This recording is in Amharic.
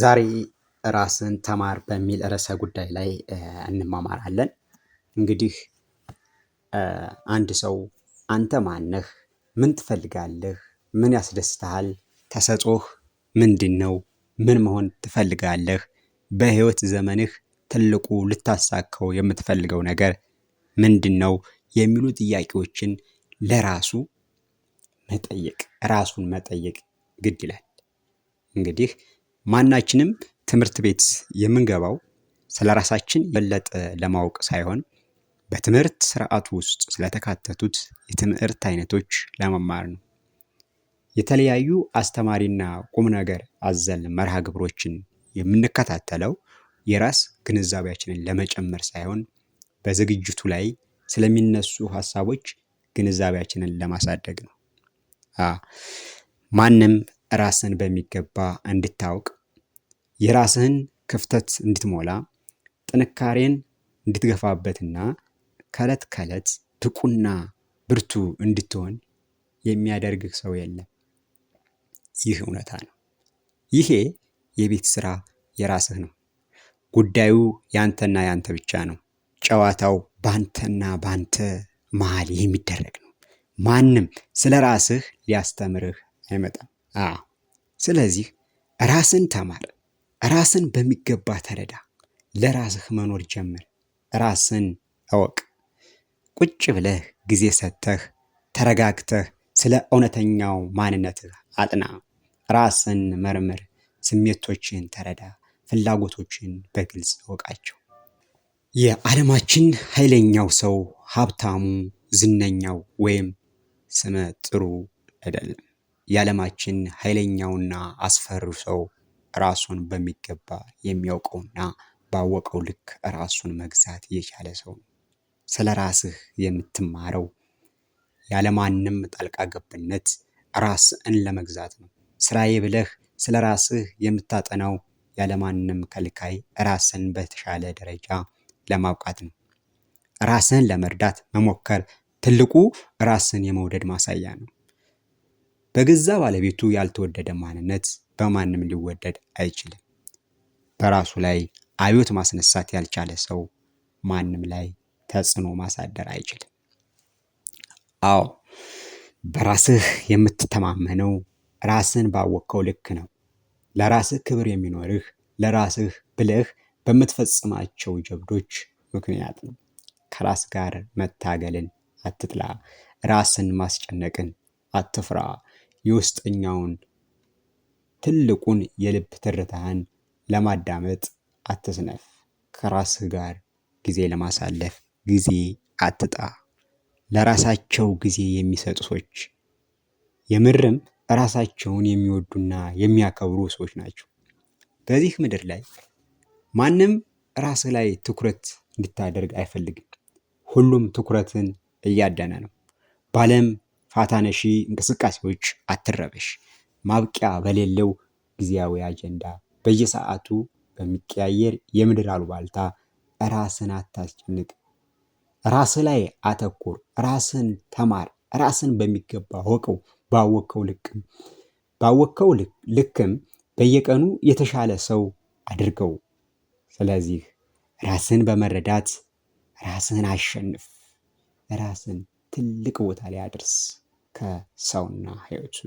ዛሬ ራስን ተማር በሚል ርዕሰ ጉዳይ ላይ እንማማራለን። እንግዲህ አንድ ሰው አንተ ማነህ? ምን ትፈልጋለህ? ምን ያስደስትሃል? ተሰጦህ ምንድን ነው? ምን መሆን ትፈልጋለህ? በህይወት ዘመንህ ትልቁ ልታሳካው የምትፈልገው ነገር ምንድን ነው? የሚሉ ጥያቄዎችን ለራሱ መጠየቅ ራሱን መጠየቅ ግድ ይላል። እንግዲህ ማናችንም ትምህርት ቤት የምንገባው ስለ ራሳችን የበለጠ ለማወቅ ሳይሆን በትምህርት ስርዓቱ ውስጥ ስለተካተቱት የትምህርት አይነቶች ለመማር ነው። የተለያዩ አስተማሪና ቁም ነገር አዘል መርሃ ግብሮችን የምንከታተለው የራስ ግንዛቤያችንን ለመጨመር ሳይሆን በዝግጅቱ ላይ ስለሚነሱ ሀሳቦች ግንዛቤያችንን ለማሳደግ ነው። ማንም ራስን በሚገባ እንድታውቅ የራስህን ክፍተት እንድትሞላ ጥንካሬን እንድትገፋበትና ከዕለት ከዕለት ብቁና ብርቱ እንድትሆን የሚያደርግህ ሰው የለም። ይህ እውነታ ነው። ይሄ የቤት ስራ የራስህ ነው። ጉዳዩ ያንተና ያንተ ብቻ ነው። ጨዋታው ባንተና ባንተ መሀል የሚደረግ ነው። ማንም ስለ ራስህ ሊያስተምርህ አይመጣም። አዎ፣ ስለዚህ ራስን ተማር። ራስን በሚገባ ተረዳ። ለራስህ መኖር ጀምር። ራስን እወቅ። ቁጭ ብለህ ጊዜ ሰጥተህ ተረጋግተህ ስለ እውነተኛው ማንነትህ አጥና። ራስን መርምር። ስሜቶችን ተረዳ። ፍላጎቶችን በግልጽ እወቃቸው። የዓለማችን ኃይለኛው ሰው ሀብታሙ፣ ዝነኛው ወይም ስመ ጥሩ አይደለም። የዓለማችን ኃይለኛውና አስፈሪው ሰው ራሱን በሚገባ የሚያውቀውና ባወቀው ልክ ራሱን መግዛት የቻለ ሰው ነው። ስለ ራስህ የምትማረው ያለማንም ጣልቃ ገብነት ራስን ለመግዛት ነው። ስራዬ ብለህ ስለ ራስህ የምታጠናው ያለማንም ከልካይ ራስን በተሻለ ደረጃ ለማብቃት ነው። ራስን ለመርዳት መሞከር ትልቁ ራስን የመውደድ ማሳያ ነው። በገዛ ባለቤቱ ያልተወደደ ማንነት በማንም ሊወደድ አይችልም። በራሱ ላይ አብዮት ማስነሳት ያልቻለ ሰው ማንም ላይ ተጽዕኖ ማሳደር አይችልም። አዎ በራስህ የምትተማመነው ራስን ባወቅከው ልክ ነው። ለራስህ ክብር የሚኖርህ ለራስህ ብለህ በምትፈጽማቸው ጀብዶች ምክንያት ነው። ከራስ ጋር መታገልን አትጥላ። ራስን ማስጨነቅን አትፍራ። የውስጠኛውን ትልቁን የልብ ትርታህን ለማዳመጥ አትስነፍ። ከራስህ ጋር ጊዜ ለማሳለፍ ጊዜ አትጣ። ለራሳቸው ጊዜ የሚሰጡ ሰዎች የምርም ራሳቸውን የሚወዱና የሚያከብሩ ሰዎች ናቸው። በዚህ ምድር ላይ ማንም ራስህ ላይ ትኩረት እንድታደርግ አይፈልግም። ሁሉም ትኩረትን እያደነ ነው። በዓለም ፋታነሺ እንቅስቃሴዎች አትረበሽ። ማብቂያ በሌለው ጊዜያዊ አጀንዳ በየሰዓቱ በሚቀያየር የምድር አሉባልታ ራስን አታስጨንቅ። ራስ ላይ አተኩር። ራስን ተማር። ራስን በሚገባ ወቀው። ባወቀው ልክም ባወቀው ልክም በየቀኑ የተሻለ ሰው አድርገው። ስለዚህ ራስን በመረዳት ራስን አሸንፍ። ራስን ትልቅ ቦታ ላይ አድርስ። ከሰውና ሕይወቱ